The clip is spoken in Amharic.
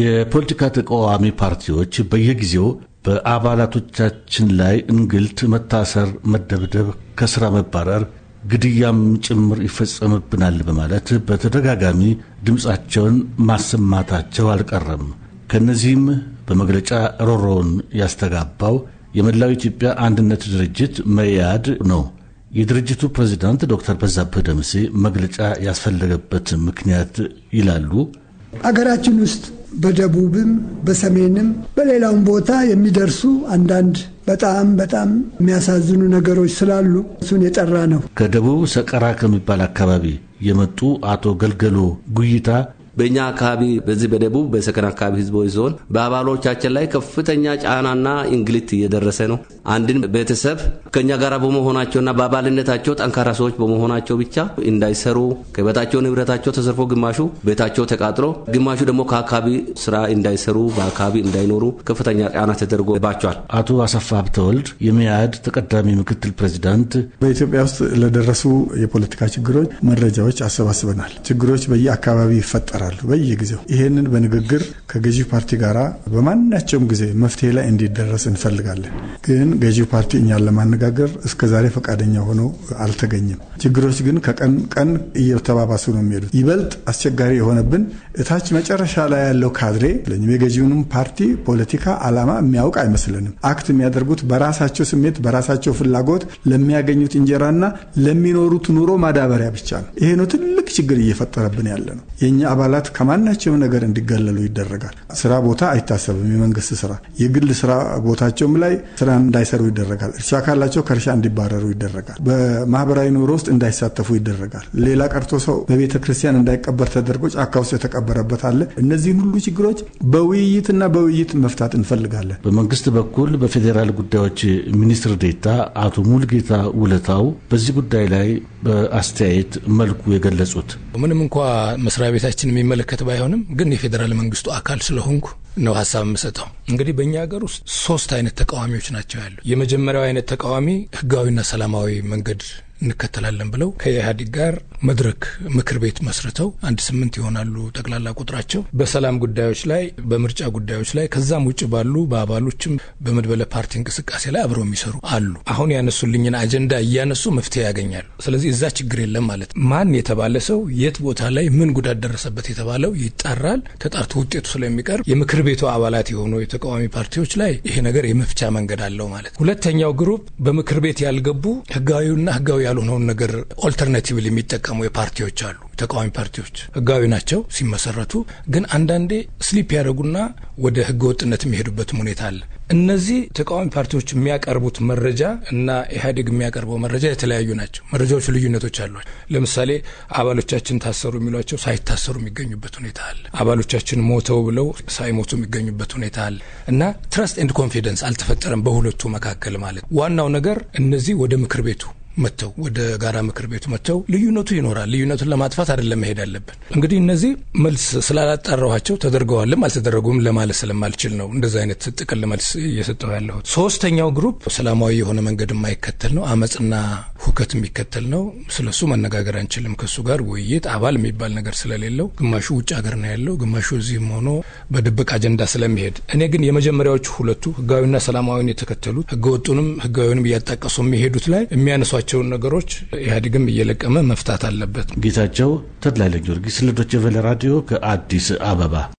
የፖለቲካ ተቃዋሚ ፓርቲዎች በየጊዜው በአባላቶቻችን ላይ እንግልት፣ መታሰር፣ መደብደብ፣ ከስራ መባረር፣ ግድያም ጭምር ይፈጸምብናል በማለት በተደጋጋሚ ድምፃቸውን ማሰማታቸው አልቀረም። ከእነዚህም በመግለጫ ሮሮውን ያስተጋባው የመላው ኢትዮጵያ አንድነት ድርጅት መያድ ነው። የድርጅቱ ፕሬዚዳንት ዶክተር በዛብህ ደምሴ መግለጫ ያስፈለገበት ምክንያት ይላሉ አገራችን ውስጥ በደቡብም በሰሜንም በሌላውም ቦታ የሚደርሱ አንዳንድ በጣም በጣም የሚያሳዝኑ ነገሮች ስላሉ እሱን የጠራ ነው። ከደቡብ ሰቀራ ከሚባል አካባቢ የመጡ አቶ ገልገሎ ጉይታ በእኛ አካባቢ በዚህ በደቡብ በሰከን አካባቢ ህዝቦች ዞን በአባሎቻችን ላይ ከፍተኛ ጫናና እንግልት እየደረሰ ነው። አንድን ቤተሰብ ከእኛ ጋር በመሆናቸውና በአባልነታቸው ጠንካራ ሰዎች በመሆናቸው ብቻ እንዳይሰሩ ከቤታቸው ንብረታቸው ተዘርፎ ግማሹ ቤታቸው ተቃጥሎ ግማሹ ደግሞ ከአካባቢ ስራ እንዳይሰሩ በአካባቢ እንዳይኖሩ ከፍተኛ ጫና ተደርጎባቸዋል። አቶ አሰፋ ብተወልድ የሚያድ ተቀዳሚ ምክትል ፕሬዚዳንት፣ በኢትዮጵያ ውስጥ ለደረሱ የፖለቲካ ችግሮች መረጃዎች አሰባስበናል። ችግሮች በየአካባቢ ይፈጠራል። ይመክራሉ በየጊዜው። ይሄንን በንግግር ከገዢ ፓርቲ ጋር በማናቸውም ጊዜ መፍትሄ ላይ እንዲደረስ እንፈልጋለን። ግን ገዢ ፓርቲ እኛን ለማነጋገር እስከዛሬ ፈቃደኛ ሆኖ አልተገኘም። ችግሮች ግን ከቀን ቀን እየተባባሱ ነው የሚሄዱት። ይበልጥ አስቸጋሪ የሆነብን እታች መጨረሻ ላይ ያለው ካድሬ የገዢውንም ፓርቲ ፖለቲካ ዓላማ የሚያውቅ አይመስልንም። አክት የሚያደርጉት በራሳቸው ስሜት በራሳቸው ፍላጎት ለሚያገኙት እንጀራና ለሚኖሩት ኑሮ ማዳበሪያ ብቻ ነው። ይሄ ነው ትልቅ ችግር እየፈጠረብን ያለ ነው። የእኛ አባላት አባላት ከማናቸውም ነገር እንዲገለሉ ይደረጋል። ስራ ቦታ አይታሰብም። የመንግስት ስራ፣ የግል ስራ ቦታቸውም ላይ ስራ እንዳይሰሩ ይደረጋል። እርሻ ካላቸው ከእርሻ እንዲባረሩ ይደረጋል። በማህበራዊ ኑሮ ውስጥ እንዳይሳተፉ ይደረጋል። ሌላ ቀርቶ ሰው በቤተ ክርስቲያን እንዳይቀበር ተደርጎ ጫካ ውስጥ የተቀበረበት አለ። እነዚህን ሁሉ ችግሮች በውይይትና በውይይት መፍታት እንፈልጋለን። በመንግስት በኩል በፌዴራል ጉዳዮች ሚኒስትር ዴታ አቶ ሙልጌታ ውለታው በዚህ ጉዳይ ላይ በአስተያየት መልኩ የገለጹት። ምንም እንኳ መስሪያ ቤታችን የሚመለከት ባይሆንም ግን የፌዴራል መንግስቱ አካል ስለሆንኩ ነው ሀሳብ የምሰጠው። እንግዲህ በእኛ ሀገር ውስጥ ሶስት አይነት ተቃዋሚዎች ናቸው ያሉ። የመጀመሪያው አይነት ተቃዋሚ ህጋዊና ሰላማዊ መንገድ እንከተላለን ብለው ከኢህአዴግ ጋር መድረክ ምክር ቤት መስርተው አንድ ስምንት ይሆናሉ ጠቅላላ ቁጥራቸው በሰላም ጉዳዮች ላይ በምርጫ ጉዳዮች ላይ ከዛም ውጭ ባሉ በአባሎችም በመድበለ ፓርቲ እንቅስቃሴ ላይ አብረው የሚሰሩ አሉ። አሁን ያነሱልኝን አጀንዳ እያነሱ መፍትሄ ያገኛሉ። ስለዚህ እዛ ችግር የለም ማለት ማን የተባለ ሰው የት ቦታ ላይ ምን ጉዳት ደረሰበት የተባለው ይጣራል። ተጣርቶ ውጤቱ ስለሚቀርብ የምክር ቤቱ አባላት የሆኑ የተቃዋሚ ፓርቲዎች ላይ ይሄ ነገር የመፍቻ መንገድ አለው ማለት ሁለተኛው ግሩፕ በምክር ቤት ያልገቡ ህጋዊና ህጋዊ ያልሆነውን ነገር ኦልተርናቲቭ የሚጠቀሙ የፓርቲዎች አሉ። ተቃዋሚ ፓርቲዎች ህጋዊ ናቸው ሲመሰረቱ፣ ግን አንዳንዴ ስሊፕ ያደረጉና ወደ ህገ ወጥነት የሚሄዱበትም ሁኔታ አለ። እነዚህ ተቃዋሚ ፓርቲዎች የሚያቀርቡት መረጃ እና ኢህአዴግ የሚያቀርበው መረጃ የተለያዩ ናቸው። መረጃዎቹ ልዩነቶች አሏቸው። ለምሳሌ አባሎቻችን ታሰሩ የሚሏቸው ሳይታሰሩ የሚገኙበት ሁኔታ አለ። አባሎቻችን ሞተው ብለው ሳይሞቱ የሚገኙበት ሁኔታ አለ እና ትረስት ኤንድ ኮንፊደንስ አልተፈጠረም በሁለቱ መካከል ማለት ዋናው ነገር እነዚህ ወደ ምክር ቤቱ መጥተው ወደ ጋራ ምክር ቤቱ መጥተው ልዩነቱ ይኖራል። ልዩነቱን ለማጥፋት አይደለም መሄድ አለብን። እንግዲህ እነዚህ መልስ ስላላጣራኋቸው ተደርገዋልም አልተደረጉም ለማለት ስለማልችል ነው እንደዚ አይነት ጥቅል መልስ እየሰጠው ያለሁት። ሶስተኛው ግሩፕ ሰላማዊ የሆነ መንገድ የማይከተል ነው አመፅና ሁከት የሚከተል ነው። ስለሱ መነጋገር አንችልም። ከሱ ጋር ውይይት አባል የሚባል ነገር ስለሌለው ግማሹ ውጭ ሀገር ነው ያለው፣ ግማሹ እዚህም ሆኖ በድብቅ አጀንዳ ስለሚሄድ እኔ ግን የመጀመሪያዎቹ ሁለቱ ህጋዊና ሰላማዊን የተከተሉት ህገወጡንም ህጋዊንም እያጣቀሱ የሚሄዱት ላይ የሚያነሷቸውን ነገሮች ኢህአዴግም እየለቀመ መፍታት አለበት። ጌታቸው ተድላ ለጊዮርጊስ ለዶይቼ ቬለ ራዲዮ ከአዲስ አበባ